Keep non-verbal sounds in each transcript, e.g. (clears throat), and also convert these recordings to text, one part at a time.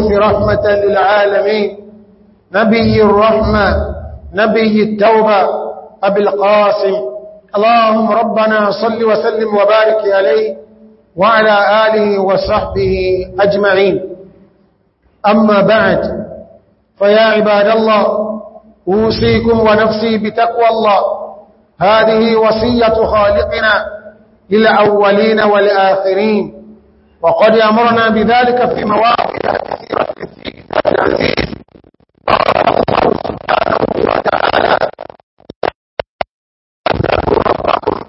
رحمة للعالمين نبي الرحمة نبي التوبة أبي القاسم اللهم ربنا صل وسلم وبارك عليه وعلى آله وصحبه أجمعين أما بعد فيا عباد الله أوصيكم ونفسي بتقوى الله هذه وصية خالقنا للأولين والآخرين وقد أمرنا بذلك في مواقع كثيرة في كتاب العزيز قال الله سبحانه وتعالى ربكم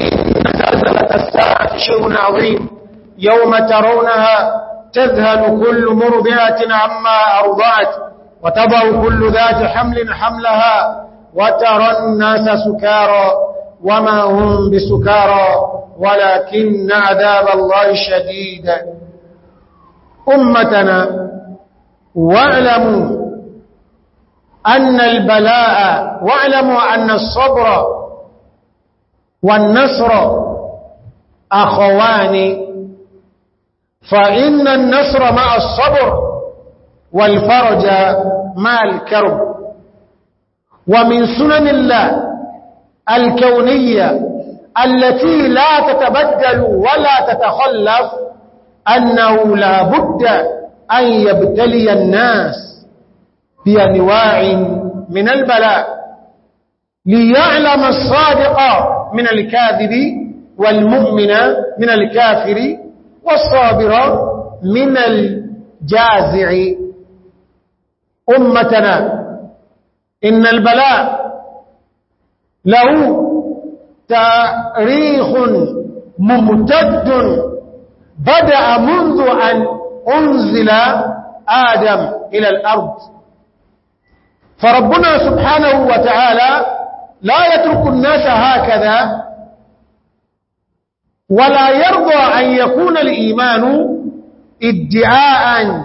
إن زلزلة الساعة شيء عظيم يوم ترونها تذهل كل مرضعة عما أرضعت وتضع كل ذات حمل حملها وترى الناس سكارى وما هم بسكارى ولكن عذاب الله شديد أمتنا واعلموا أن البلاء واعلموا أن الصبر والنصر أخوان فإن النصر مع الصبر والفرج مع الكرب ومن سنن الله الكونية التي لا تتبدل ولا تتخلف أنه لا بد أن يبتلي الناس بأنواع من البلاء ليعلم الصادق من الكاذب والمؤمن من الكافر والصابر من الجازع أمتنا إن البلاء له تاريخ ممتد بدأ منذ أن أنزل آدم إلى الأرض فربنا سبحانه وتعالى لا يترك الناس هكذا ولا يرضى أن يكون الإيمان ادعاء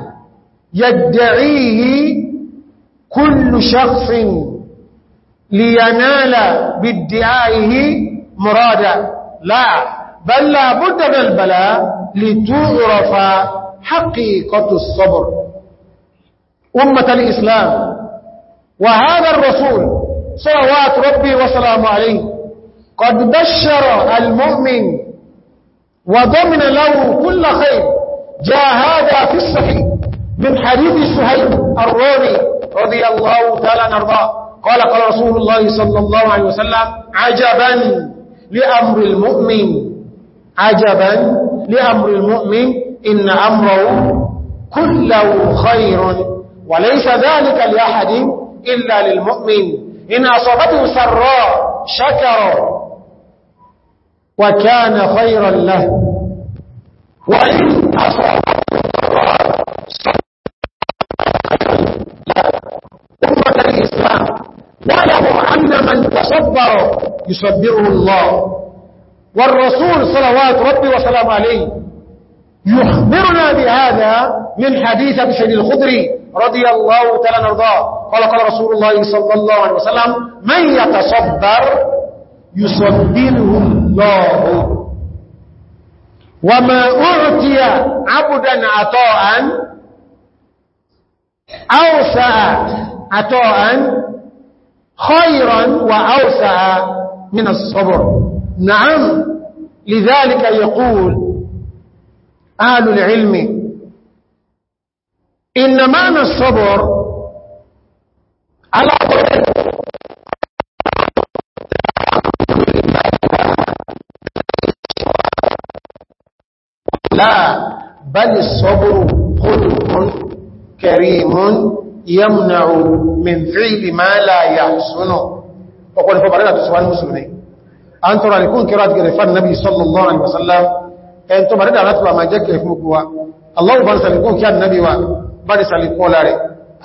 يدعيه كل شخص لينال بادعائه مرادا لا بل لا بد من البلاء لتعرف حقيقة الصبر أمة الإسلام وهذا الرسول صلوات ربي وسلام عليه قد بشر المؤمن وضمن له كل خير جاء هذا في الصحيح من حديث سهيل الرومي رضي الله تعالى نرضاه قال قال رسول الله صلى الله عليه وسلم عجبا لأمر المؤمن عجبا لأمر المؤمن إن أمره كله خير وليس ذلك لأحد إلا للمؤمن إن أصابته سراء شكر وكان خيرا له وإن أصابته يصبره الله والرسول صلوات ربي وسلام عليه يخبرنا بهذا من حديث أبي الخضري رضي الله تعالى نرضاه قال قال رسول الله صلى الله عليه وسلم من يتصبر يصبره الله وما أعطي عبدا عطاء أوسع عطاء خيرا وأوسع من الصبر نعم لذلك يقول أهل العلم إن معنى الصبر على لا بل الصبر خلق كريم يمنع من فعل ما لا يحسنه وقال فبرنا تسوان المسلمين أن ترى لكون كرات قرفان النبي صلى الله عليه وسلم أن تبرد أن أتبع ما جاك يفمكوا الله بان سلكون كان النبي وبان سلكون لاري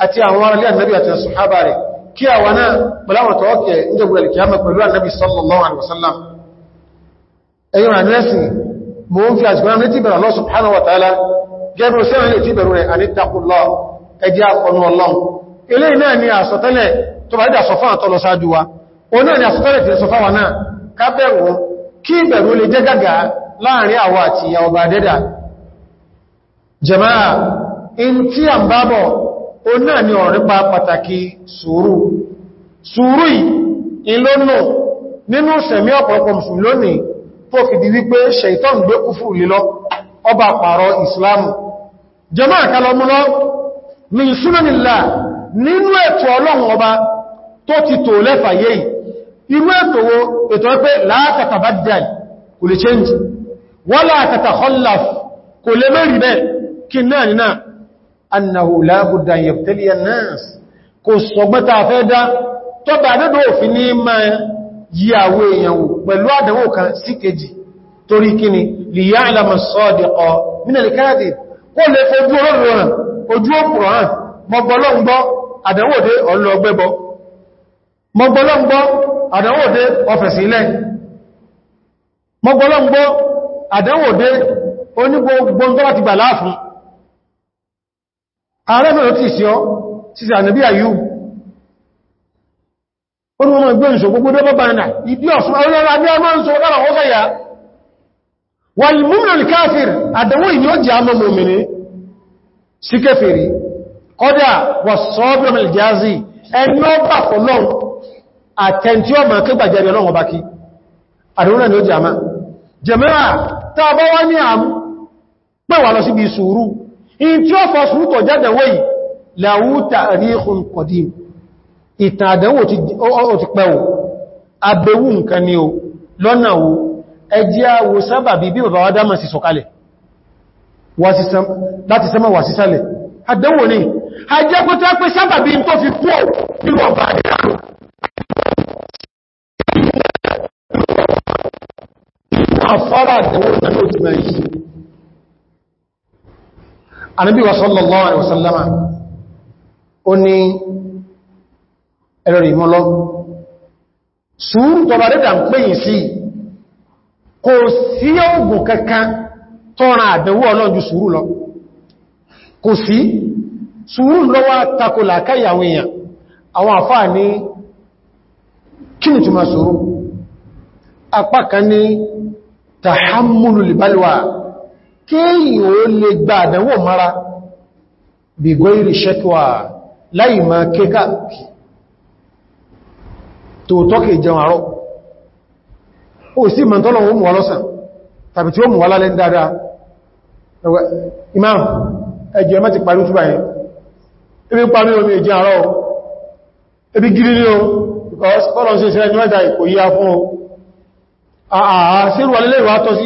أتي أنوار لي النبي أتي الصحابة لي كي أولا بلاو توقع إنجب للكيامة بلوى النبي صلى الله عليه وسلم أيها الناس مهم في أسكنا نتبر الله سبحانه وتعالى جابر سنة نتبرنا أن اتقوا الله أجاق أنه الله إليه ناني أستطلع تبعد أصفان طلو ساجوا oná ni àsìkọ́lẹ̀ tí naa ka fáwọn náà kábẹ̀rù kí ìbẹ̀rù lè jẹ́ gàgà láàrin àwọ àti ìyà ọba dẹ́dà jẹmáà in tí a ń bábọ̀ oná ni ọ̀rípa pàtàkì sùúrù sùúrù ìlónà nínú sẹ̀mí ọ̀pọ̀lọpọ̀ mùsùlùmí tó nínú ẹ̀tọ́ irú ètò wo ètò pé látàtà bá dìí kò lè change wọ́n látàtà hollaf kò lè mẹ́rin bẹ́ kí náà nínà annahu lábùdá yẹ̀pẹ̀lẹ̀ nas kò sọgbẹ́ta fẹ́ dá tó bá dédò òfin ní ma yíyàwó èèyànwó pẹ̀lú àdánwò kan sí kejì torí àdánwòdé ọfẹ̀sílẹ̀ mọ́gbọ́lọ́gbọ́ àdánwòdé onígbogbo tó bá ti gbà láàfún ààrẹ mẹ́rin tí ìṣẹ́ sísẹ̀ ànàbí àyú ó ní wọ́n gbọ́n ìṣò gbogbo dọ́bọ́ bàrínà ìdí ọ̀sán ọlọ́rọ̀ abẹ́ ọmọ ń so lára wọ́n sẹ́yà wal mu'min káfir àdánwò ìní ó jẹ́ àmọ́ mọ́mìnì sí kẹfẹ̀rí kọ́dà ẹni ó bà àtẹntí ọmọ kígbàjẹrẹ ọlọ́wọ́ bá kí àdúrà ní ó jàmá jẹmẹ́rà tàbá wá ní àmú pẹ̀wà lọ síbi sùúrù in tí ó fọ́ sùúrù tọ̀ jáde wéyì láwúta ríhùn kọ̀dím ìtàn ni o lọ́nà wo ẹjẹ́ àwò sábà bí bí bàbá wá dámà sí sọ̀kalẹ̀ láti ni a jẹ́ kó tẹ́ pé sábà tó fi kú ọ̀ nígbà bá àdánwò afọ́rọ̀ àtẹ̀wò pẹ̀lú òtùmẹ̀ yìí wa sallallahu alaihi wasallama ó ní ẹ̀rọ ìmọ́lọ́ sùúrù tọba rẹ̀dà ń pèyìn sí kò sí ọgbùn kankan tọ́rọ àdẹ̀wò ọlọ́jú sùúrù lọ kò sí sùúrù lọ́wọ́ takola káyàwó èèyàn àwọn àfáà ní kí ni túnmà sùúrù apá kan ní tàhámùlù lìbálùwà kéyìn ó lè gba àdánwò mara bí góìrì ṣẹ́kíwà láì ma kéka tòótọ́ kè jẹun àárọ̀ ó sì mọ̀ tọ́lọ̀ ó mú wa lọ́sàn tàbí tí ó mú wa lálẹ́ dáadáa imam ẹjẹ́ mẹ́ ti because kọ́lọ̀ sí ìṣẹ́lẹ̀ ní mẹ́ta ìkòyí afún àṣírù ah, ah, alẹ́lẹ́ ìwà tọ́ sí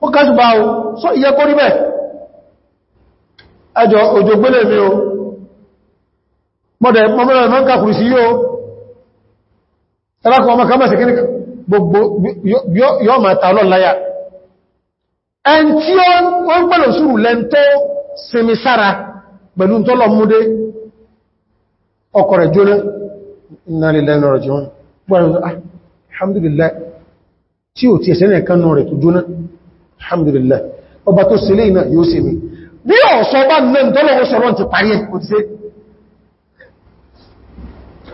mọ́ kásùbá o sọ iye kó níbẹ̀ ẹjọ́ òjò gbélé mi o mọ́dẹ̀ mọ́mọ́lẹ̀ mọ́ kàkùrù sí yóò ẹlákùn ọmọ kàmọ̀ sẹ̀kẹ́ gbogbo yọ́ ma ta lọ láyà ẹn tí wọ́n pẹ̀lú sùúrù lẹ́ntọ́ sinmi sára pẹ̀lú tọ́lọ múdé ọkọ̀ rẹ̀ jóná ìnà lè ọ̀rọ̀ jẹun gbọ́nà ah, alhamdulillah tí ò tí ẹ̀sẹ̀ ní ẹ̀kan náà rẹ̀ tó jóná alhamdulillah ọba tó sílé iná yóò sí mi bí ọ̀sọ́ bá náà tọ́lọ̀wọ́ sọ̀rọ̀ ti parí ẹ̀kù ti sé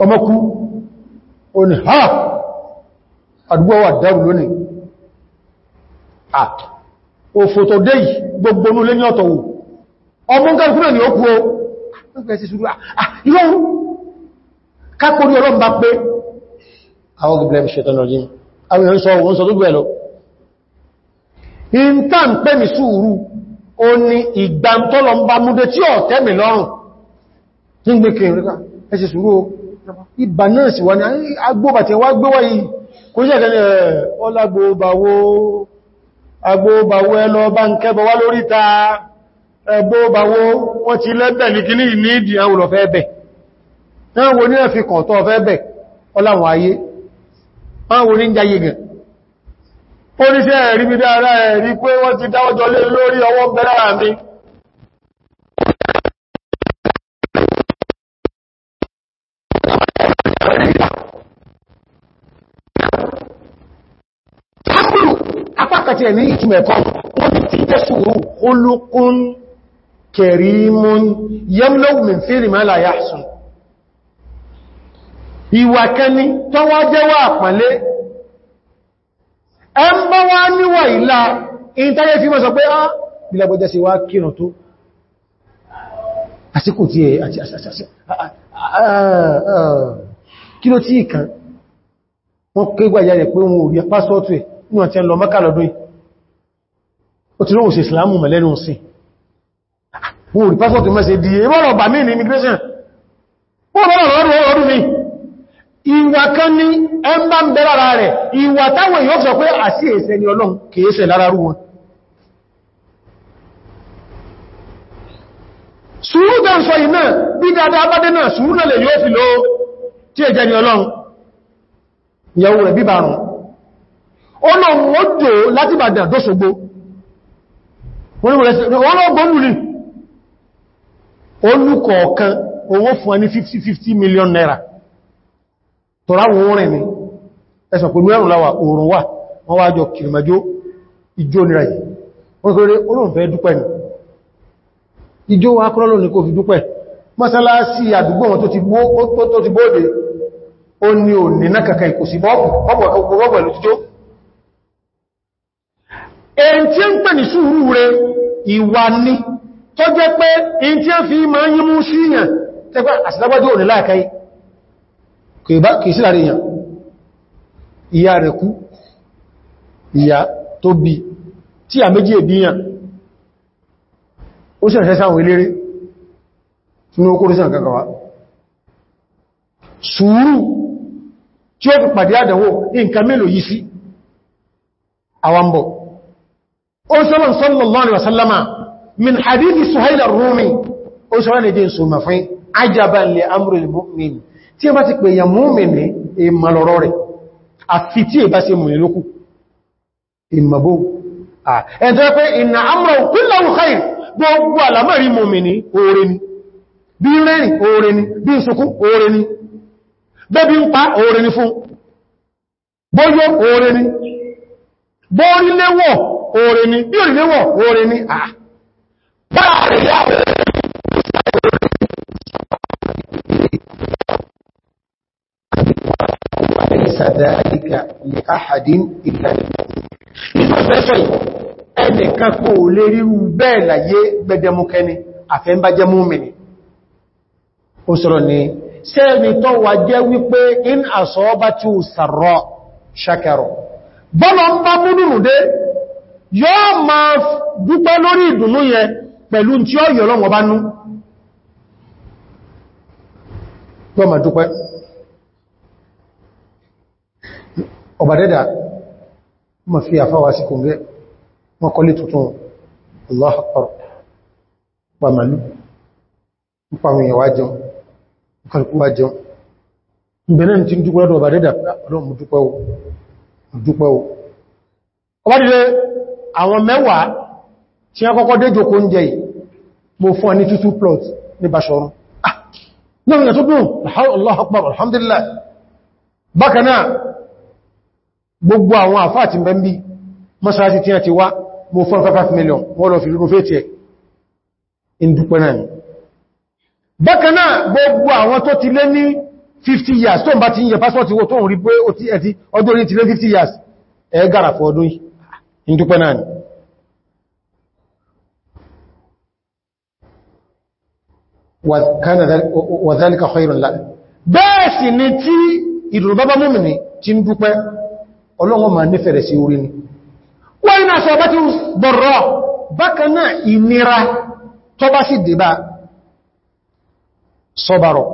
ọmọkú oní ha àdúgbò wà dáru lónìí òfòtò dé gbogbo ní àwọn gbogbo ẹmì ṣetán lọ jíni àwọn ìrìnṣọ́ òun sọ tó gbẹ̀lọ in tá ń pẹ́ mi sùúrù o ni ìgbàntọ́lọ ń bá múdé tí ọ̀ tẹ́mì lọ́rùn tí ń gbé kìrìnríkà ẹsẹ̀ sùúrù ìbà náà sì wà ní agbóbàtí wá gbé wá yìí kò sí ẹ̀kẹ́ agbóbàwó ẹlọ bá ń kẹ́bọ wá lórí ta agbóbàwó wọ́n àwọn ayé àwọn ní jayé gan oníṣẹ́ ẹ̀rí mi dára ẹ̀rí pé wọ́n ti dáwọ́jọ lé lórí ọwọ́ bẹ̀rẹ̀ mi apákàtí ẹ̀mí ìtumẹ̀ kan wọ́n ti ti jẹ́ olókún kẹrìmún yẹ́mlọ́wùmí fèrè ìwàkẹni tó wọ́n jẹ́wọ́ àpàlé ẹ ń bá wá níwà ìlà ìntẹ́lẹ̀ fi mọ́ sọ pé á ìlàgbọ́jẹ́ sí wá kíràn tó àsìkò tí ẹ àti àṣàṣàṣà kí ló tí ìkan wọ́n ké gbà ìyá rẹ̀ pé wọn ò rí pásọ́ọ̀tù ẹ̀ ní àti ẹn lọ Mẹ́kà lọ́dún ó ti lóhùn sí ìsìlámù mẹ́lẹ́nu sí ìwà kan ní ẹmbà ń bẹ́lára rẹ̀ ìwà táwọn èèyàn sọ pé àsí èsẹ̀ ni ọlọ́run kèéṣẹ̀ lára rú wọn sùúrù tẹ́ ń sọ yìí bí dáadáa bá náà sùúrù náà lè yóò fi ló tí è jẹ́ ni ọlọ́run ìyàwó rẹ̀ bíbà rùn ọlọ́run ó jò láti Ìbàdàn dóṣogbo olùkọ̀ọ̀kan owó fún 50 million naira tọ́ráwọ̀ orin mi ẹsàn pẹ̀lú ẹ̀rùn láwà oòrùn wà wọ́n wá jọ kìrìmàjò ìjó nira yìí wọ́n kéré olóòfẹ́ dúpẹ́ ni ìjó wa kọ́lọ́lọ́ ní kò fi dúpẹ́ mọ́sálásí àdúgbò wọn tó ti bóòdé ó ní ò ní nákàkà ìkòsí bọ́ọ̀pù ọgbọ̀ kìí sí láàrin yàn ìyá rẹ̀ kú ìyá tó bí tí a méjì èbí yàn ó ṣẹ̀ṣẹ̀ sáwọn eléré ní okó rí sàn kankanwá sùúrù tí ó fi pàdé àdánwò nǹkan mélòó yìí sí àwambọ̀ ó sọ́lọ̀ sallallahu alaihi wasallama min hadithi suhaila tí a bá ti pè èyàn múmìnì èmà lọ́rọ̀ rẹ̀ àfi tí ẹ bá ṣe mú ìlókù ìmàbó ẹ̀tọ́ pé ìnà gbogbo àlàmọ́rí múmìnì oore ni bí rẹ̀rìn oore ni bí sùkú oore ni bẹ́bí ń pa ni fún bóyọ́ oore ni bóríléwọ̀ bí ليس ذلك لأحد إلا لله ẹnìkan kò lè rí bẹ́ẹ̀ láyé gbẹdẹmukẹni àfẹ́mbájẹ́ múmìnì ó sọ̀rọ̀ ni sẹ́ẹ̀mì tó wà jẹ́ wípé in àsọ́ọ́bá tí ó sàrọ̀ ṣakẹrọ bọ́lọ̀ ń bá múnúrù dé yóò ọba dẹ́dà ma fi àfáwà sí kò gẹ́ wọ́n kọ́lé tuntun Allahu Akbar pa màlú nípa àwọn èèyàn wá jẹun kọlùkú wá jẹun ìbẹ̀rẹ̀ tí ń dúpẹ́ lọ́dọ̀ ọba dẹ́dà ọlọ́run ah! Náà ìyà tó dùn, Allah Akbar, Alhamdulillah. Bákanáà, gbogbo àwọn àfáà ti bẹ́m̀bí mọ́sálásí tí a ti wá mo fún 5 million wọ́n lọ fi rúrú fètì ẹ̀ ìdúpẹ́ náà bákanáà gbogbo àwọn tó ti lé ní 50 years tó ń bá ti yẹ pásọ́tí wó tó ń rí pé ọdún orí ti lé 50 years ẹ gara fún ọdún ìdúpẹ́ náà wàzálìkà khairun lá bẹ́ẹ̀ sì ni ti ń dúpẹ́ ọlọ́wọ́ ma nífẹ̀ẹ́ sí orí ni wọ́n iná sọ bá ti bọ̀rọ̀ bákanáà ìnira tó bá sì dìbà sọ́bàrọ̀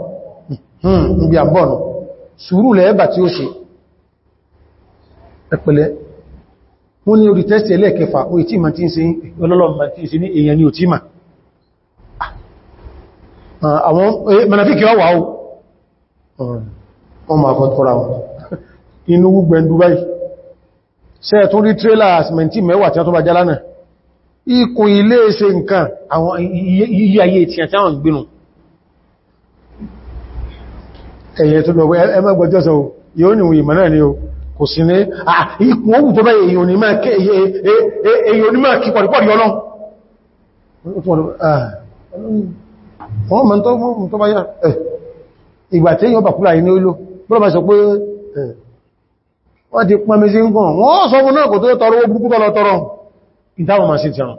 níbi hmm, àbọ̀nù sùúrù lẹ́ẹ̀bà tí ó ṣe ẹ̀pẹ̀lẹ́ wọ́n ní orí tẹ́sì ẹlẹ́ẹ̀kẹfà ni ò tí ma ah, àwọn eh, mẹ́nàfíkì ọwà ó ọmọ àkọ́tọ́ra wọn (laughs) inú gbogbo ẹ̀dú báyìí ṣe tún rí trailer asmenti mẹ́wàá tí wọ́n tó bá jálánà ikùn ilé ṣe nǹkan àwọn iye ayé tí àti àwọn ìgbínú ẹ̀yẹ tó lọ ẹmẹ́gbẹ̀jọ́sọ yóò ní ìmọ̀ náà ni o kò sí ní ikùn ogun tó báyẹ̀ èyàn onímọ̀ kí pọ̀dípọ̀dí ọlọ́run wọ́n mọ̀ tó báyẹ̀ ìgbà tí èyàn bàkúlà yìí ní ó lò bọ́lọ̀ wọ́n ti pọ́nmi sí ń gùn wọ́n sọ fún náà kò tó tọrọ owó burúkú tọ́lọ tọrọ ìdáwọn ma sí ti rán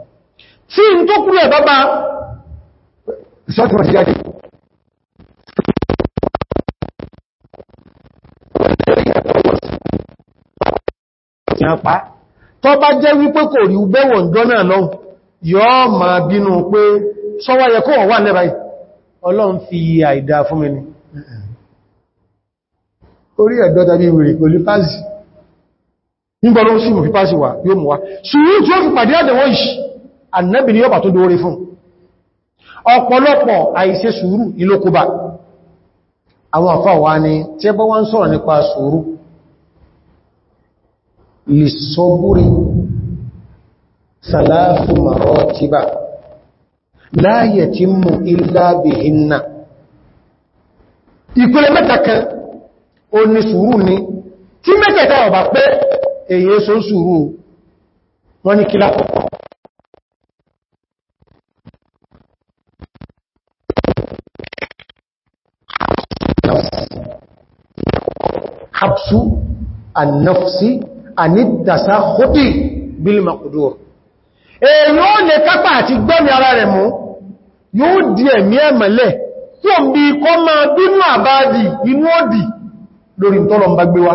tí n tó kúrò ẹ̀bábá ìṣọ́tìmọ̀ sí jáde tọ́ jẹ́ wípé kò rí ubẹ́wọ̀ ìjọ́nà lọ yóò ma bínú pé sọ́wọ́ yẹ kó wọ́n wà lẹ́bàá ọlọ́run fi àìdá fún mi ni orí ẹ̀dọ́ta bí wèrè olùfáàsì nígbọ́lọ́ ṣúrù fi pàṣí wà yóò mú wa ṣúrù tí ó fi pàdé àdẹ̀wọ́ ìṣì annabi ni yọba tó dóore fún ọ̀pọ̀lọpọ̀ àìṣe ṣúrù ilókúbà àwọn àfá wa ni tí ẹbọ́ wá ń sọ̀rọ̀ nípa ṣúrù lè sọ́búrí sàlásù tí mẹ́tẹ̀ẹ̀ta ọ̀bà pé èyí so sùúrù wọ́n ní kílá kọ̀kọ́ habsu annafsi anidasa khudi bil maqdur èyí ó lè kápá àti gbọ́mì ara rẹ̀ mú yóò di ẹ̀mí ẹ̀mẹ̀lẹ̀ tí ó bí kọ́ máa bínú àbáàdì inú ọ̀dì lórí ìtọ́lọ̀ ń bá gbé wá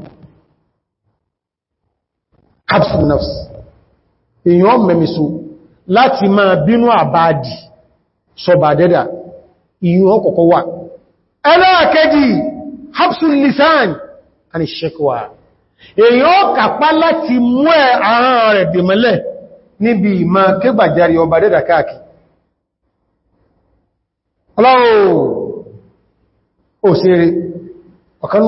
katfu nafs èyàn mẹ́mìsó láti máa bínú àbáàdì sọba dẹ́dà ìyàn kọ̀kọ́ wà ẹlẹ́ẹ̀kẹ́jì hapsul lisan àni ṣekwa èyàn kàpá láti mú ẹ àrán rẹ̀ dìmọ́lẹ̀ níbi ìmá kébàjárí ọba dẹ́dà káàkì ọlọ́rọ̀ òṣèré ọ̀kanú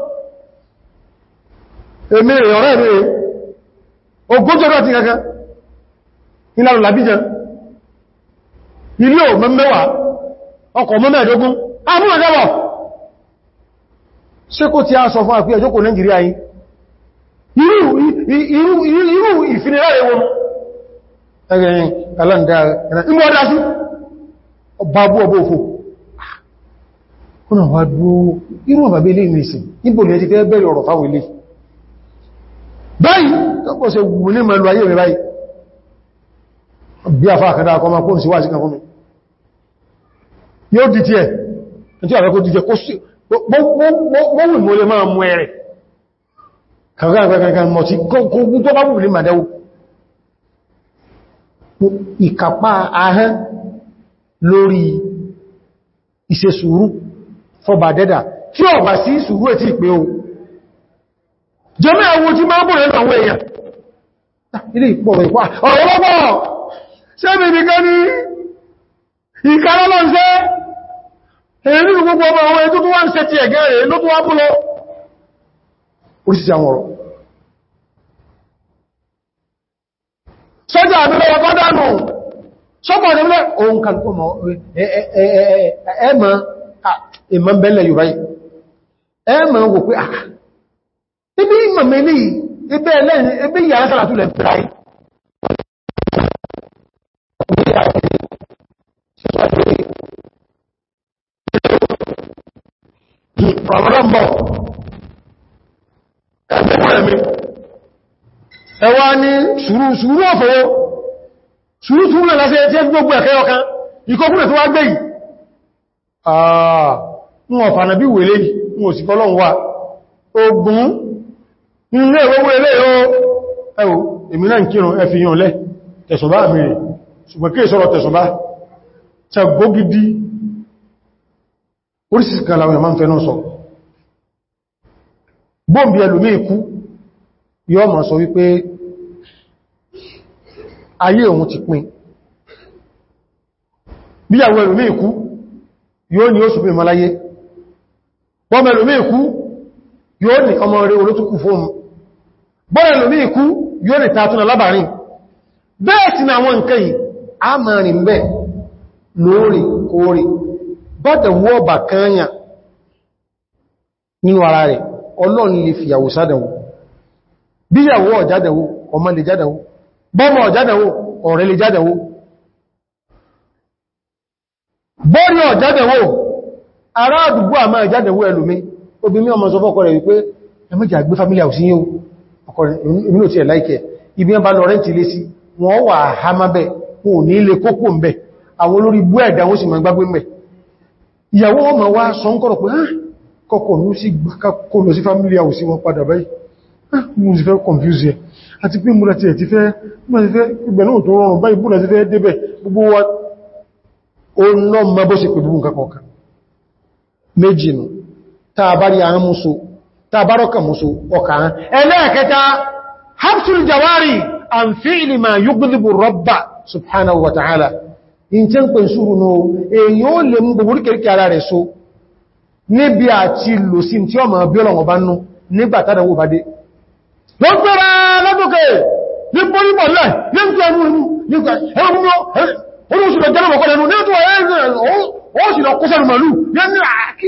èmi rẹ̀ ọ̀rẹ́ rẹ̀ ogójọ́ rẹ̀ ti kankan ìlànà làbíjẹ ilé ò mẹ́mẹ́wàá ọkọ̀ mẹ́mẹ́ẹ̀dógún abúrẹ̀dẹ́wọ̀ ṣe kó ti a sọ fún àpí ẹjọ́kò Nàìjíríà yìí irú ìfinira ewo ẹgbẹ̀rin alanda ìmọ̀ ọdá sí ọbábú ọbọ̀ òfò ah, kúnnà wá dúó irú ọbàbí ilé ìrìnsìn báyìí tó se wù ní mẹ́lú ayé rẹ̀ báyìí bí a fáà kàdá akọmọ kó ń síwá sí kan fún mi yóò di tí ẹ̀ tí àwọn akọ́ dìjẹ kó sí gbọ́wù mọ́ lè máa mú ẹ̀rẹ̀ kàrọ̀kàrọ̀kàrọ̀ mọ̀ tí kó bá wù ní ìkàpá ahán lórí ìṣesùúrù fọbàdẹ́dà tí ó sí sùúrù ẹ̀ tí ìpé ohun jẹmẹ́ ẹwọ tí máa bọ̀rẹ̀ ní àwọn èèyàn ilé ìpọ̀rọ̀ ìpá ọ̀rọ̀ ṣe mi nìkan ní ìkàrọ́lọ́ ṣe gbogbo ọmọ tó wá ń ṣe ti ẹ̀gẹ́ rẹ̀ ló wá búlọ wò pé àà ibi ìmọ̀ mẹ́lì ibẹ̀ ẹlẹ́ni ibi ìyà ẹ́sára tó lẹ̀ pẹ̀láyé ẹwà ni sùúrù sùúrù ọ̀fọ̀wọ́ sùúrù sùúrù náà lásẹ̀ tí ẹ gbogbo ẹ̀kẹ́ ọkan ìkọkúnlẹ̀ tó wá gbé yìí àà wọn ọ̀fà nàbí wèlé yìí wọn ò sì kọ́ lọ́wọ́ ogun ilé owó ilé ẹ̀wọ̀ èmì náà kírùn ẹ fi yàn lẹ́ tẹ̀sùnbá mìírì ṣùgbọ́n kí ìṣọ́rọ̀ tẹ̀sùnbá tẹ gbógidi orísìsì kan láwọn ẹ̀mọ́ fẹ́nà sọ bóòmì ẹlùmí ikú yọ́ ma sọ wípé ayé òun ti pin bí àwọn ẹlùmí ikú yóò ní oṣù pé maláyé wọ́n mẹ́lùmí ikú yóò ní ọmọ rẹ̀ olótùkù fóòmù bọ́rẹ̀ lórí ikú yóò rí tààtùnà lábàárín bẹ́ẹ̀ tí na wọn nǹkan yìí a máa rìn bẹ́ lórí kórí bọ́tẹ̀ wọ́ bà kányà nínú ara rẹ̀ ọlọ́run ará àdúgbò àmá ìjádẹ̀wó ẹlòmí obìnrin ọmọ sọ fọ́kọ rẹ̀ wípé ẹmẹ́jà gbé agbe familia ìmìnà tí ẹ̀ láìkẹ̀ ibi ẹn bá lọ rẹ́ntì lé sí wọ́n wà hamábẹ̀ wọn ò ní ilé kókò ń bẹ̀ àwọn olórí bú ẹ̀dà wọ́n sì máa gbágbé mẹ́ ìyàwó ọmọ wá sọ ń kọ̀rọ̀ pé ah, kọkọ̀ ló sí family house wọn padà báyìí ah, mo sì fẹ́ confuse ẹ̀ àti pé múra ti ẹ̀ ti fẹ́ ìgbẹ̀ náà tó rọrùn báyìí búra ti fẹ́ débẹ̀ pẹ̀lú nǹkan kọ̀ọ̀kan méjì nù tàà tàbárọ̀kà musu ọkà hàn ẹlẹ́ẹ̀kẹta hapsul jawari an fi'li ma yughdibu rabba subhanahu wa ta'ala in tí ń pè ṣúrù náà èyí ó lè mú gbogbo ríkẹ̀ríkẹ̀ ara rẹ̀ so níbi àti lò sí tí ọmọ bí ọlọ́wọ̀ bá nú nígbàtàdàwò bá dé ló ń pẹ́ra lọ́dọ́kẹ̀ ní pọ́lípọ̀ lẹ́ ní tí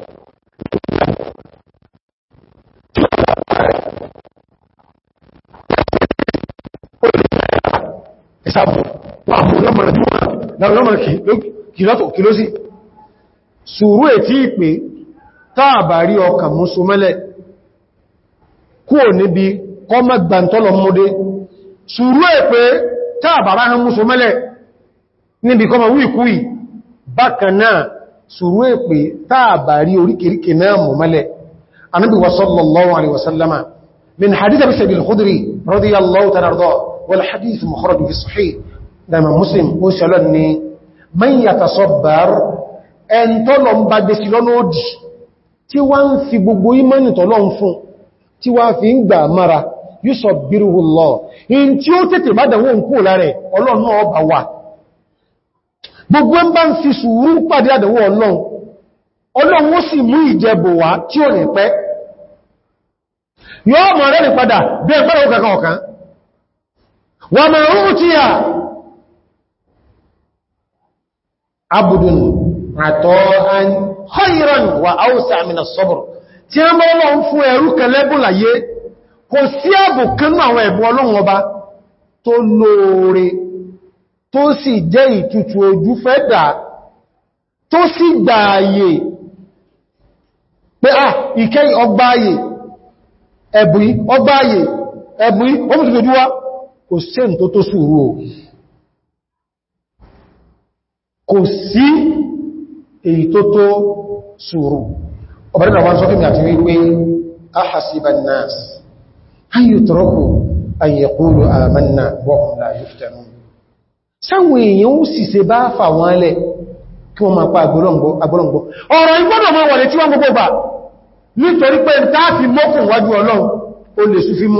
ìsàfò wà fún lọ́mọ̀rẹ̀ tí wọ́n láwọn lọ́mọ̀rẹ̀ kì lọ́tọ̀ kì ló sí sùúrù ètí ìpé tààbà rí ọkàn mú so mẹ́lẹ̀ kúò níbi kọ́mọ̀ gbàntọ́lọ múdé sùúrù èpé tààbà ráhán mú so mẹ́lẹ̀ níbi kọ́mọ̀ wíkúì bákan náà sùúrù èpé tààbà rí oríkèríkè náà mú mẹ́lẹ̀ Ànábì wa sallallahu alaihi wasallama min hadith Abi Sa'id al-Khudri radiyallahu ta'ala anhu والحديث مخرج في الصحيح دام مسلم وشلني من يتصبر ان تلون با دسلونوجي tí wọ́n ń fi gbogbo ìmánì tọ́lọ́un fún tí wọ́n fi ń gbà mara yusabbiruhullah in tí ó tètè bá dẹ̀wọ́n kú lárẹ̀ ọlọ́run ọba wà gbogbo ń bá ń fi sùúrù pàdé àdẹ̀wọ́ ọlọ́run ọlọ́run ó sì mú yọ́ mọ̀ rẹ̀ padà bí ẹgbẹ́rẹ̀ ọkàn ọkàn ya a عبد عطاء خيرا وأوسع من الصبر tí a mọ́ ọlọ́run fún ẹrú eru láyé kò sí ààbò kánú àwọn ẹ̀bùn ọlọ́run ọba tó lóore tó sì jẹ́ ìtùtù ojú fẹ́ dà tó sì gbààyè pé à ìkẹ́ ọgbààyè ẹ̀bùn ọgbààyè ẹ̀bùn ó kò sí tó tó sùúrù o kò sí èyí tó tó sùúrù ọ̀bẹ̀rẹ̀ àwọn sọ́fẹ́ àti wípé ahasiban nas an yutraku an yaqulu amanna wa hum la yuftanun sáwọn èèyàn ó sì se bá fà wọn lẹ̀ kí wọ́n máa pa agbọ́lọ́gbọ́ ọ̀rọ̀ ìgbọ́dọ̀ mọ́ wọ̀lẹ̀ tí wọ́n gbogbo bà nítorí pé ń táàfi mọ́kùn wájú ọlọ́run ó lè sùfí mú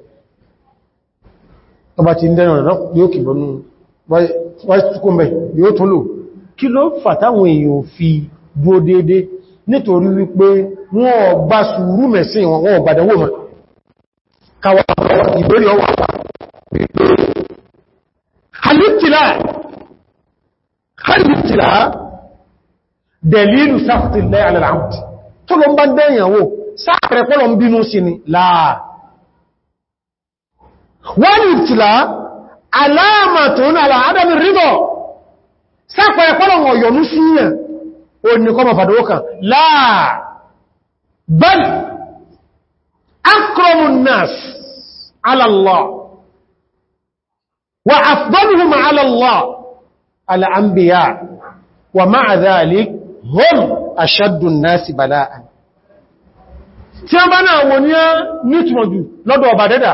ọba ti ń dẹ́nà rẹ̀ yóò kìbọnú wáṣíkúnbẹ̀ yóò tó lò kí ló fàtàwọn èèyàn fi bó dédé nítorí wípé wọ́n bá sùúrù mẹ́sìn wọn wọ́n bá dánwò máa káwà ìbéèrè ọwà halittila dẹ̀lìlù sáfìtìlẹ̀ alẹ́lẹ́ والابتلاء علامة على عدم الرضا ساقوا يقولون ويونسية وإنكم فدوكا لا بل أكرم الناس على الله وأفضلهم على الله الأنبياء ومع ذلك هم أشد الناس بلاء tí a bá náà wọ ní á ní ìtùmọ̀jù lọ́dọ̀ ọba dẹ́dà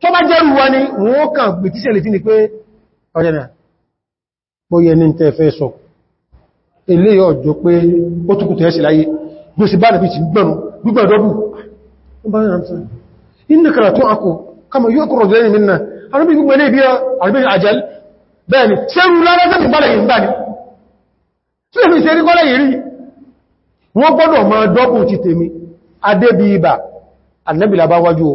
tó bá jẹ́rù wa ní wọ́n kàn gbì tí sẹ̀lẹ̀ tí ni pé ọjọ́nà bóyẹ ní tẹ́ fẹ́ sọ ilé ọjọ́ pé ó túnkù tẹ́ sí láyé bó sì bá nàfi ti gbẹ̀rún gbígbẹ̀dọ́bù wọ́n gbọ́dọ̀ máa dọ́kùn ti tèmi adébí ibà annabila bá wájú o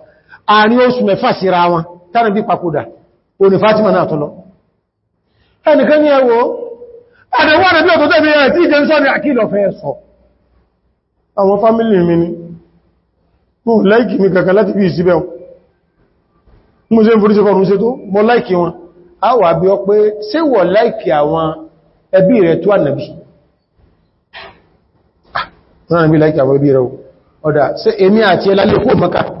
àárín oṣù mẹ́fà síra wọn tánà bí papòdà òní Fátímà náà tọ́lọ ẹnìkan ní ẹwọ́ àdẹ̀wọ́ àdẹ̀bí ọ̀tọ̀ tẹ́bí ẹ̀ tí ìjẹ́ ń sọ ní àkílọ̀ fẹ́ sọ àwọn fámílì mi ni mú láìkì mi kàkà láti bí ìsíbẹ̀ mú sí ìforíṣẹ́ kọrùn sí tó mọ́ láìkì wọn a wà bí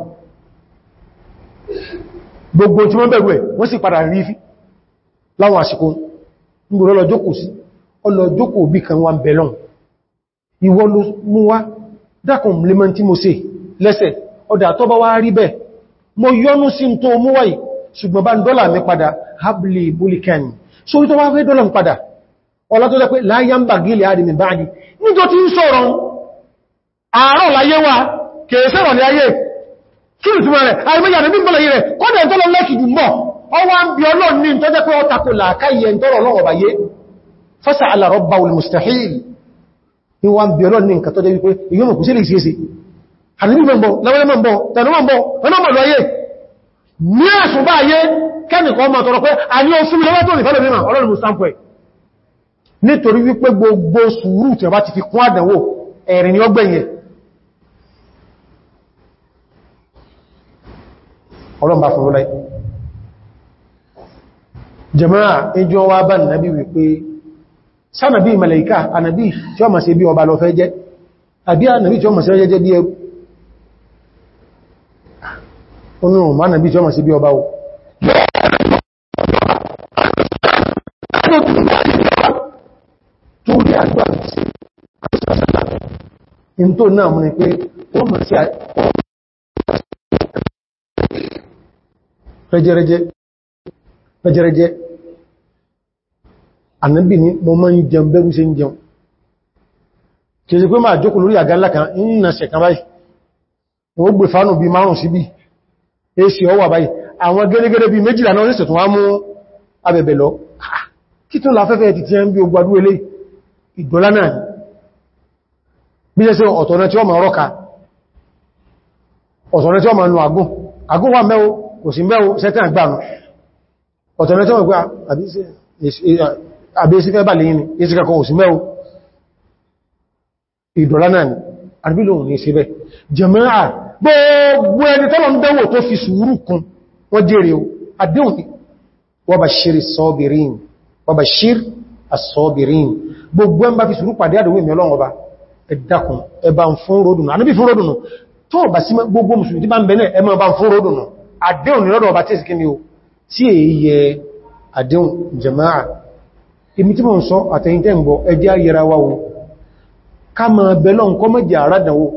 gbogbo tí wọ́n bẹ̀rù ẹ̀ wọ́n sì padà rí fí láwọn àsìkò nígbòrò ọlọ́jókò sí ọlọ́jókò bí kan wà bẹ̀lọ́n ìwọ ló mú wá dákùn lèmọ́ tí mo ṣe lẹ́sẹ̀ ọdá tó bá wá rí bẹ̀ mo yọnú sí tó mú ṣùgbọ́n habli bulikan so tó wá fẹ́ dọ́là mi padà ọlá tó jẹ́ pé láyámbà gílẹ̀ àdìmì báyìí níjọ tí ń sọ̀rọ̀ àárọ̀ kí ni túnmọ̀ rẹ̀ àìmọ́yà rẹ̀ nígbọ́lá yìí rẹ̀ kọ́dẹ̀ tọ́lọ lẹ́kì jù mọ́ ọwá ń bí ọlọ́run ní tó jẹ́ pé ọ tako làákà iye tọ́rọ lọ́wọ́ báyé fásà alàrọ́bà olùmùsùtàhìl ìwà ń bí ọlọ́run ní a ní oṣù lọ́wọ́ tó nìfẹ́ lómi mọ̀ ọlọ́run mú sáńpọ̀ ẹ̀ nítorí wípé gbogbo sùúrù tí a bá ti fi ọlọ́mbà fún láì jama'a ẹjọ́ wa bá nàbí wípé sánàbí mẹ́lẹ̀ká ànàbí tí ó ma ṣe bí ọba lọ fẹ́ jẹ́ àbí ànàbí tí ó ma ṣe jẹ́ bí ẹrù onírùn ma nàbí tí ó ma ṣe bí ọba o in tó rẹjẹrẹjẹ rẹjẹrẹjẹ ànábì ní mo máa ń jẹun bẹ́rú ṣe ń jẹun kìí sí pé máa jókòó lórí àga ńlá kan ìnà ṣẹ̀kan báyìí wọ́n gbé fánù bí márùn sí bí èsì ọwà báyìí àwọn gẹ́gẹ́gẹ́ bí méjìlá náà ṣètò wá mú abẹ̀bẹ̀ lọ ah, kí tún láfẹ́fẹ́ ti ti ń bí ogbadú ilé ìgbọ́lá náà kò sí mẹ́rún sẹ́tẹ̀ àgbàrún ọ̀tọ̀mẹ́tọ́ ọ̀gbà ah, àbíṣẹ́fẹ́ bà lẹ́yìn ìsìnkà kan ò sí mẹ́rún ìdọ̀lá ni àríbílòun ní ìṣẹ́bẹ̀ jẹ̀mẹ́rà gbogbo ẹni tọ́lọ ń dẹ́wò tó fi sùúrù kún wọ́n jẹ́rẹ̀ àdéhùn wa bashir as-sabirin wa bashir as-sabirin gbogbo ẹmbá fi sùúrù pàdé àdéhùn ìmì ọlọ́run ọba ẹ̀dàkùn ẹbà ń fún ródùnà àdéhùn lọ́dọ̀ ọba tí ìsìnkí ni ó tí èyí yẹ àdéhùn jama'a ibi tí mọ̀ ń sọ àtẹ̀yìntẹ́ ìgbọ̀ ẹjẹ́ ayẹra wa wọn ká ma bẹ̀lọ nǹkan mẹ́jẹ̀ àrádànwò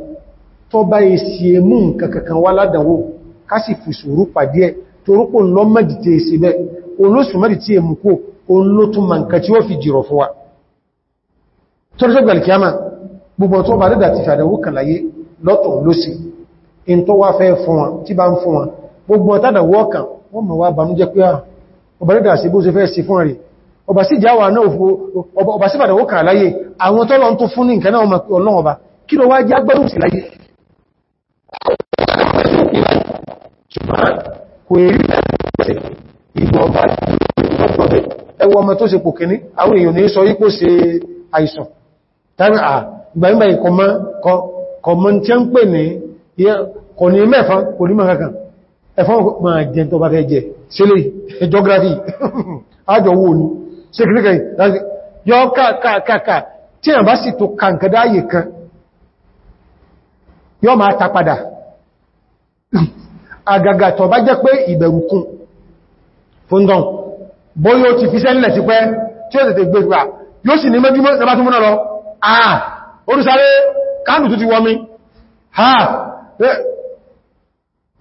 tó bá èsì emú nǹkankan wá ládànwò ká sì fi sùúrù pàdé ẹ̀ torúpò lọ mẹ́jì tí èsì bẹ́ olóṣù mẹ́jì tí èmú kó òun wa tọ́rọ̀ṣọ́ gbàlìkíámà gbogbo tó bá tó wá fẹ́ fún wọn tí bá ń fún wọn gbogbo ọ̀tàdà wọ́ọ̀kàn wọ́n mọ̀ wá bàmújẹ́ pé ah, ọba rídà sí bó ṣe fẹ́ sí fún rí ọba sí jáwà náà fún ọba sí bàdà wọ́kàn láyé àwọn tọ́lọ tó fún ní nǹkan náà ọmọ ọlọ́run ọba kí lọ wá jẹ́ agbẹ́rùn sí láyé ẹwọ ọmọ tó ṣe pò kìní àwọn èèyàn ní sọ yípo tí ó ń pè ní kò ní mẹ́fà kò ní mọ́ ẹ̀fọ́n máa jẹ tó bá fẹ́ jẹ sílé geography (laughs) àjọ owó olú síkìlíkì yọ káàkàkà tí a bá sì tó kàǹkàdá ayè kan yọ máa ta padà (clears throat) àgàgà tó bá jẹ́ pé ìbẹ̀rùkún fúndọ̀n bóyó ti fi sẹ́lẹ̀ ti pẹ́ tí ó tètè gbé ah orúsáré kánù tó ti ha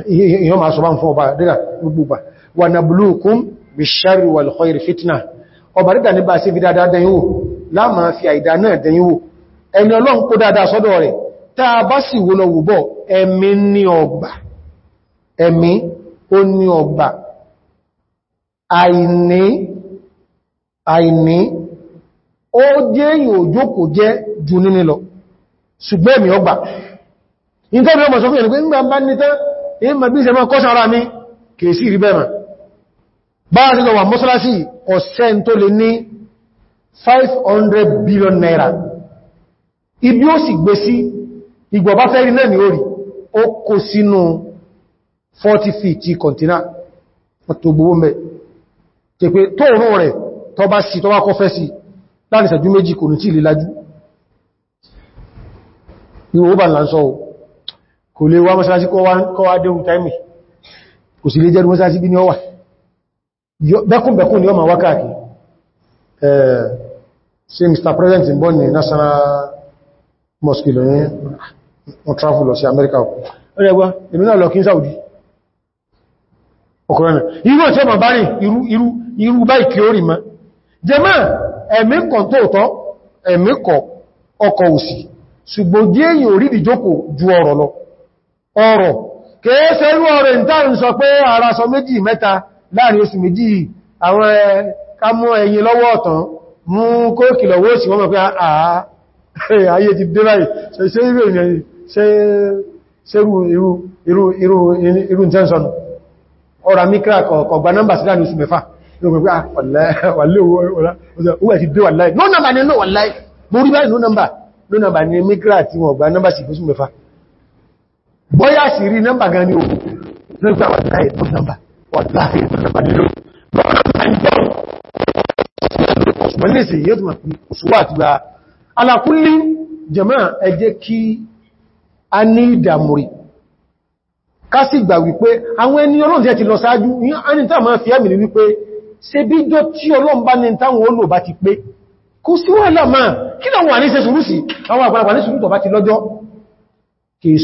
èyàn máa sọ bá ń fún ọba dídà gbogbo wà na blóòkún bí ṣàrí wà lọ́kọ́ ìrì fitna ọba dídà ní bá sí fi dáadáa dẹ̀yìnwó láàmà fi àìdá náà dẹ̀yìnwó ẹni ọlọ́run kó dáadáa sọ́dọ̀ rẹ̀ táa bá sì wo lọ wùbọ́ ẹ̀mí ní ọgbà ìmọ̀ bí i ṣe mọ́ kọ́ṣọ́ ara mi kìí sí ìrìbẹ̀mà bá ṣe lọ wà mọ́sálásí ọ̀sẹ́ tó lè ní 500 billion naira ibi ó sì gbé sí ìgbọ̀bá fẹ́rí náà ní orí ó kó sínú 40 feet kọ̀ntínà tó gbogbo mẹ́ tẹ̀pẹ́ tó rún rẹ̀ tó bá sí tó ń lásọ́wọ́ kò lè wá mọ́sálásí kọ́ wá déhùn táìmì kò sì lè jẹ́ mọ́sálásí bí ní ọwà bẹ́kùnbẹ̀kùn ni ó ma wákàkì ṣe Mr. President ń bọ́ ní National Mosque lọ ní wọ́n travel lọ sí America ọ̀rẹ́gbá èmi náà lọ kí Saudi ọkùnrin irú ọ̀tẹ́ ma bá rìn irú báyìí kí ó rìn ma jẹmọ́ ẹ̀mí kan tóòtọ́ ẹ̀mí kọ ọkọ̀ òsì ṣùgbọ́n jẹ́ èyàn ọ̀rọ̀ kèése rú ọ̀rẹ̀ ìta ń sọ pé ara sọ méjì mẹ́ta láàrin oṣù méjì àwọn kámú ẹ̀yìn lọ́wọ́ ọ̀tàn mú kóòkì lọ́wọ́ òsì wọ́n mọ̀ pé ààyè ti dé báyìí ṣe irú ìtẹ́nsọ̀nù ọ̀rà mikra kọ̀gbà nọ́mbà sí láàrin oṣù mẹ́fà ah, ló nọ́mbà ni mikra tí wọ́n gbà nọ́mbà sí oṣù mẹ́fà bóyá sì rí nọ́mbà gan ní òkú lórí àwọn ìdáyé tó nọ́mbà wàláhì tó nọ́mbà nílò ṣùgbọ́n lè ṣe yóò túnmà pín òṣùwà àti bá alákúnlé jẹ̀mọ́ ẹ jẹ́ kí a ní ìdàmùrì ká sì gbà wípé àwọn ẹni ọlọ́run jẹ́ ti lọ sáájú ní tàà máa fi ẹ̀mì ní wípé ṣe bí jọ tí ọlọ́run ní táwọn olò bá ti pé kò sí wà láà máa kí láwọn àníṣẹ́ sùúrù sí àwọn àgbàlagbà ní sùúrù bá ti lọ́jọ́ kìí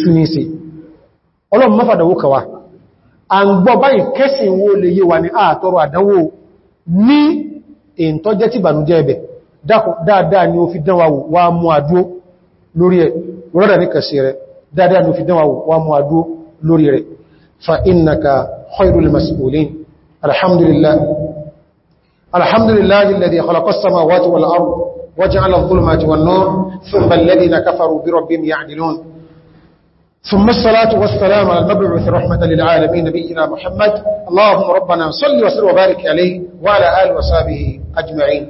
ọlọ́run mọ́fàdàwó kọwa a ń gbọ́ báyìí kẹsìn wo lè yíwa ní àtọrọ àdánwò ní èntọ́ jẹ́ ti bànújẹ́ ẹbẹ̀ dáadáa ni ó fi dánwàwò wá mú àdúó lórí ẹ̀ rọ́dà ní kẹsì rẹ̀ dáadáa ni ó fi dánwàwò wá mú àdúó lórí rẹ̀ fa innaka khairul mas'ulin alhamdulillah alhamdulillah alladhi khalaqa ثم الصلاة والسلام على المبعوث رحمة للعالمين نبينا محمد اللهم ربنا صل وسل وبارك عليه وعلى آل وصحبه أجمعين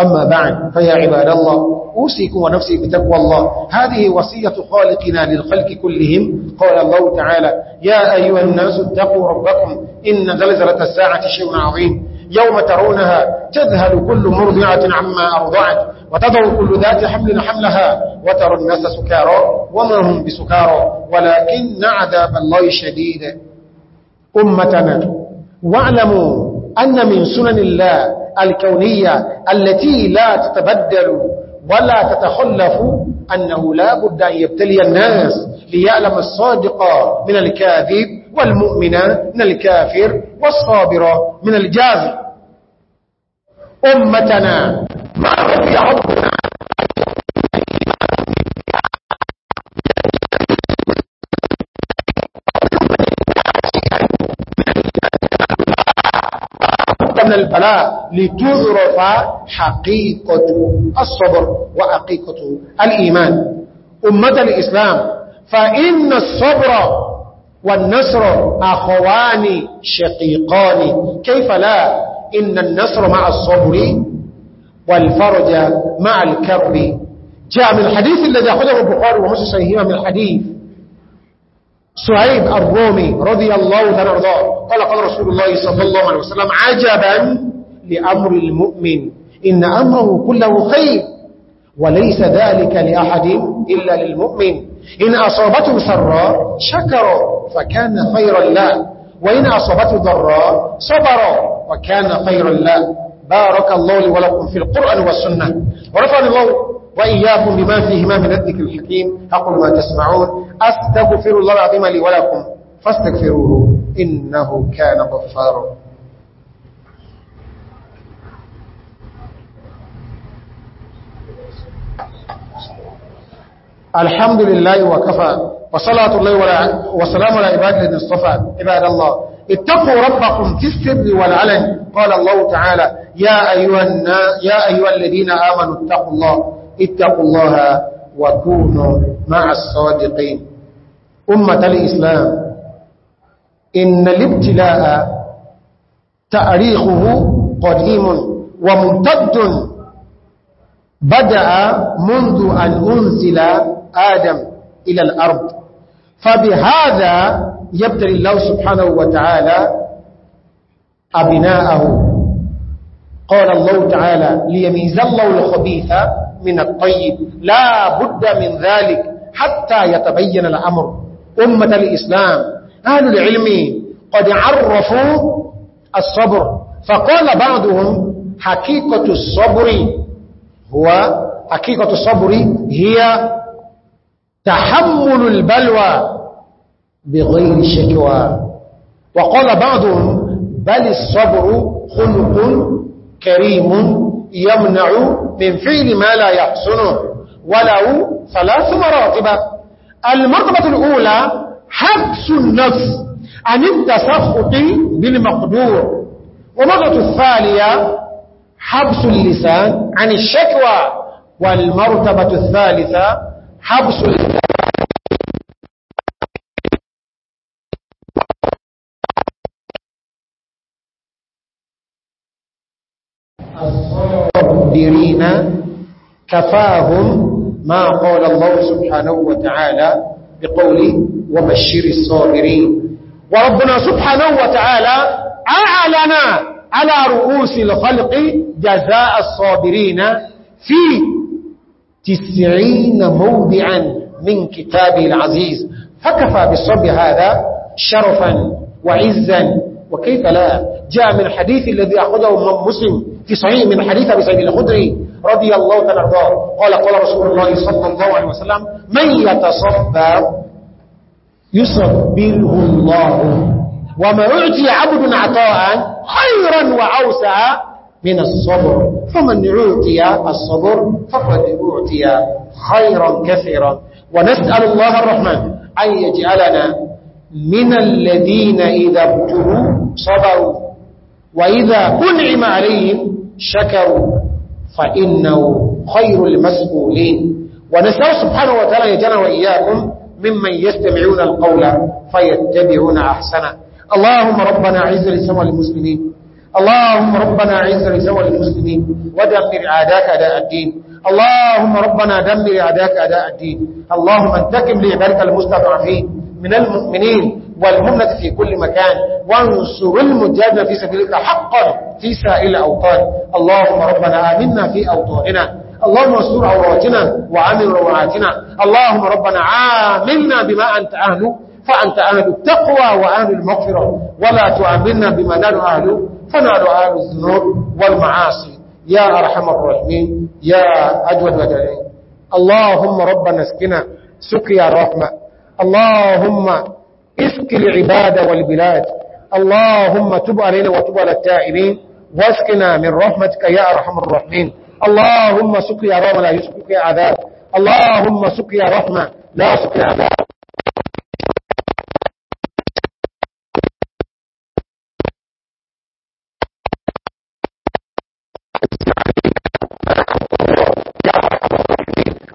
أما بعد فيا عباد الله أوسيكم ونفسي بتقوى الله هذه وصية خالقنا للخلق كلهم قال الله تعالى يا أيها الناس اتقوا ربكم إن زلزلة الساعة شيء عظيم يوم ترونها تذهل كل مرضعة عما أرضعت وتضع كل ذات حمل حملها وترى الناس سكارى وما هم بسكارى ولكن عذاب الله شديد أمتنا واعلموا أن من سنن الله الكونية التي لا تتبدل ولا تتخلف أنه لا بد أن يبتلي الناس ليعلم الصادق من الكاذب والمؤمن من الكافر والصابر من الجاذب أمتنا ما رضي عبد من البلاء لتعرف حقيقة الصبر وحقيقة الإيمان أمة الإسلام فإن الصبر والنصر أخوان شقيقان كيف لا إن النصر مع الصبر والفرج مع الكرب جاء من الحديث الذي أخذه البخاري ومسلم من الحديث سعيد الرومي رضي الله وارضاه قال قال رسول الله صلى الله عليه وسلم عجبا لأمر المؤمن إن أمره كله خير وليس ذلك لأحد إلا للمؤمن إن أصابته سراء شكر فكان خيرا له وإن أصابته ضراء صبر وكان خيرا له بارك الله لي ولكم في القرآن والسنة ورفعني الله وإياكم بما فيهما من الذكر الحكيم أقول ما تسمعون أستغفر الله العظيم لي ولكم فاستغفروه إنه كان غفارا الحمد لله وكفى وصلاة الله وسلام على عباد الذين اصطفى عباد الله اتقوا ربكم في السر والعلن قال الله تعالى يا أيها, يا أيها الذين آمنوا اتقوا الله اتقوا الله وكونوا مع الصادقين أمة الإسلام إن الابتلاء تأريخه قديم وممتد بدأ منذ أن أنزل آدم إلى الأرض فبهذا يبتلي الله سبحانه وتعالى أبناءه قال الله تعالى ليميز الله الخبيث من الطيب لا بد من ذلك حتى يتبين الأمر أمة الإسلام أهل العلم قد عرفوا الصبر فقال بعضهم حقيقة الصبر هو حقيقة الصبر هي تحمل البلوى بغير شكوى وقال بعضهم بل الصبر خلق كريم يمنع من فعل ما لا يحسنه ولو ثلاث مراتب المرتبة الأولى حبس النفس عن التسخط بالمقدور ومرتبة الثانية حبس اللسان عن الشكوى والمرتبة الثالثة حبس اللسان المقدرين كفاهم ما قال الله سبحانه وتعالى بقوله وبشر الصابرين وربنا سبحانه وتعالى أعلن على رؤوس الخلق جزاء الصابرين في تسعين موضعا من كتابه العزيز فكفى بالصبر هذا شرفا وعزا وكيف لا جاء من الحديث الذي أخذه مسلم في صحيح من حديث أبي الخدري رضي الله تنرضاه قال قال رسول الله صلى الله عليه وسلم من يتصبر يصبره الله وما يعطي عبد عطاء خيرا وعوسا من الصبر فمن يعطي الصبر فقد يعطي خيرا كثيرا ونسأل الله الرحمن أن يجعلنا من الذين إذا ابتروا صبروا وإذا أنعم عليهم شكروا فإنه خير المسؤولين ونسأل سبحانه وتعالى يجنى وإياكم ممن يستمعون القول فيتبعون أحسنه اللهم ربنا عز لسوى المسلمين اللهم ربنا عز لسوى المسلمين ودمر عاداك أداء الدين اللهم ربنا دمر عاداك أداء الدين اللهم انتكم لعبارك المستضعفين من المؤمنين والهمة في كل مكان وانصر المجاهدين في سبيلك حقا في سائل أوطان اللهم ربنا آمنا في أوطاننا اللهم اصدر عوراتنا وعامل رواعاتنا اللهم ربنا عاملنا بما أنت أهله فأنت أهل التقوى وأهل المغفرة ولا تعاملنا بما نال أهله فنال أهل الذنوب والمعاصي يا أرحم الراحمين يا أجود وجلين اللهم ربنا اسكنا سقيا الرحمة اللهم اسك العباد والبلاد اللهم تب علينا وتب على التائبين واسقنا من رحمتك يا أرحم الراحمين اللهم سقيا رحمة لا يسقيا عذاب اللهم سقيا رحمة لا سقيا عذاب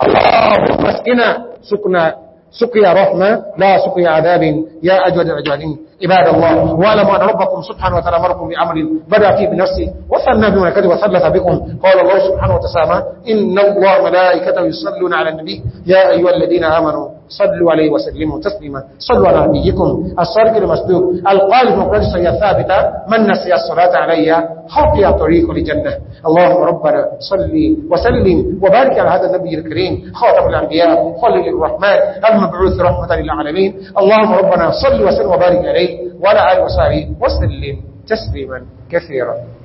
اللهم اسقنا سقنا سقيا رحمة لا سقيا عذاب يا أجود العجالين عباد الله واعلموا أن ربكم سبحانه وتعالى مركم بأمر بدأ فيه بنفسه وثنى بملكته وثلث بكم قال الله سبحانه وتسامى إن الله ملائكة يصلون على النبي يا أيها الذين آمنوا صلوا عليه وسلموا تسليما صلوا على نبيكم الصادق المصدوق القالب مقرد الصية الثابتة من نسي الصلاة علي خطي طريق لجنة اللهم ربنا صلي وسلم وبارك على هذا النبي الكريم خاتم الأنبياء خليل الرحمن المبعوث رحمة للعالمين اللهم ربنا صلي وسلم وبارك عليه وعلى آله وصحبه وسلم تسليما كثيرا